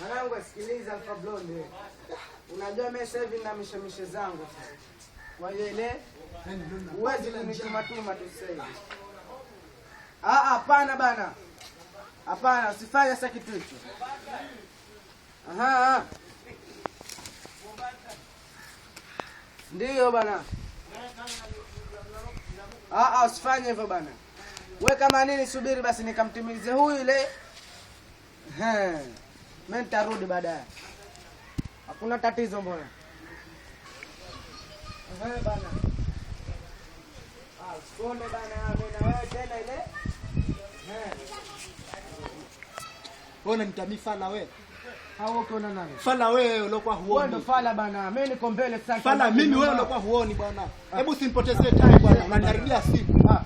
Mwanangu, sikiliza Fablonde, unajua mimi sasa hivi na mishemishe zangu sasa kwa hiyo yaani ile huwezi kunitumatuma tu sasa hivi. Ah, ah, hapana bana, hapana, usifanye sasa kitu hicho. Aha, ndiyo bana. Ah, ah, usifanye hivyo bana. We kama nini, subiri basi nikamtimilize huyu ile. Mimi nitarudi baadaye, hakuna tatizo. Mbona wewe bana. Ah, usione bana na wewe eh. fala wewe. Hao ukiona nani? Fala wewe uliokuwa huoni. Wewe ndo fala bana. Mimi niko mbele sasa. Fala mimi wewe uliokuwa huoni bwana. Ah. Hebu usinipotezee time bwana. Unaniharibia ah. siku. Ah.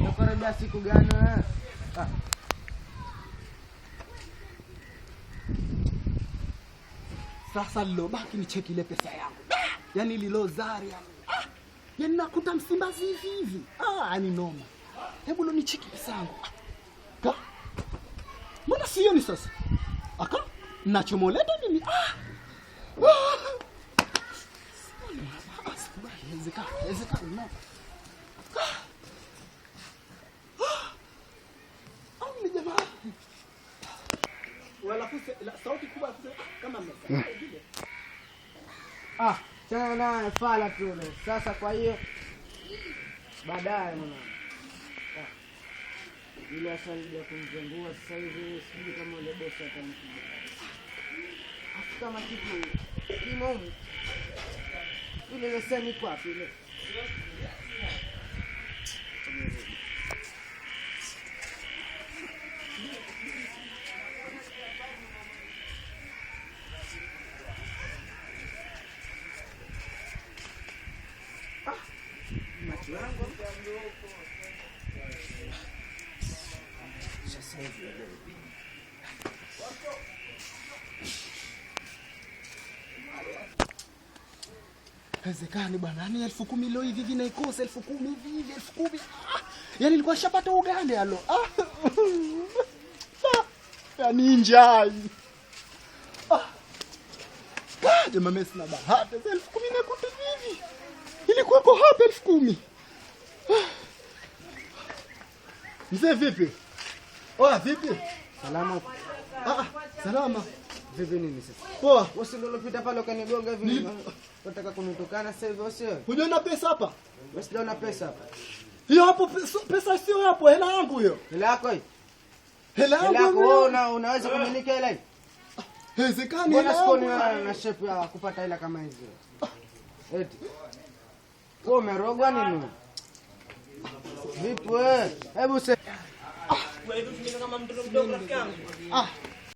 Unakaribia siku gani wewe? Ah. Sasa lilobaki ni cheki ile pesa yangu yani lilozaria ah, yani nakuta Msimbazi hivi hivi ah, ani noma. Hebu lo nichiki pesa yangu ka mbona sioni sasa aka nachomoleta mimi ah. Ah. Achana naye fala tule. Sasa kwa hiyo baadaye mwanangu ah. ile asali ya kumzengua sasa hivi, sijui kama ile bosi atamkuja afu kama kitu kimomu ile leseni kwapi ile Haiwezekani bwana, yani elfu kumi leo hivi hivi naikosa elfu kumi hivi hivi elfu kumi ah, yani nilikuwa shapata ugande alo ah, ah yani njai ah, ah, jamaa, mimi sina bahati elfu kumi nakuta hivi ilikuweko hapa elfu kumi Mzee vipi? Oa vipi? Salama. Ah, ah, salama. Vipi nini sasa? Poa. ndio Usililopita pale ukanigonga hivi. Unataka kunitukana sasa hivi wewe. Hujona pesa hapa? Wewe sijaona pesa hapa. Hiyo hapo pesa, pesa sio hapo, hela yangu hiyo. Hela yako hii. Hela yangu. Hela yako una, unaweza kumiliki hela hii? Ah, hela Hezekani. Mbona sikoni na, na shape ya kupata hela kama hizo? Eti. Kwa umerogwa nini? Ribut. Eh buset. Ah, gua itu sini kamar belum dong, Kang. Ah.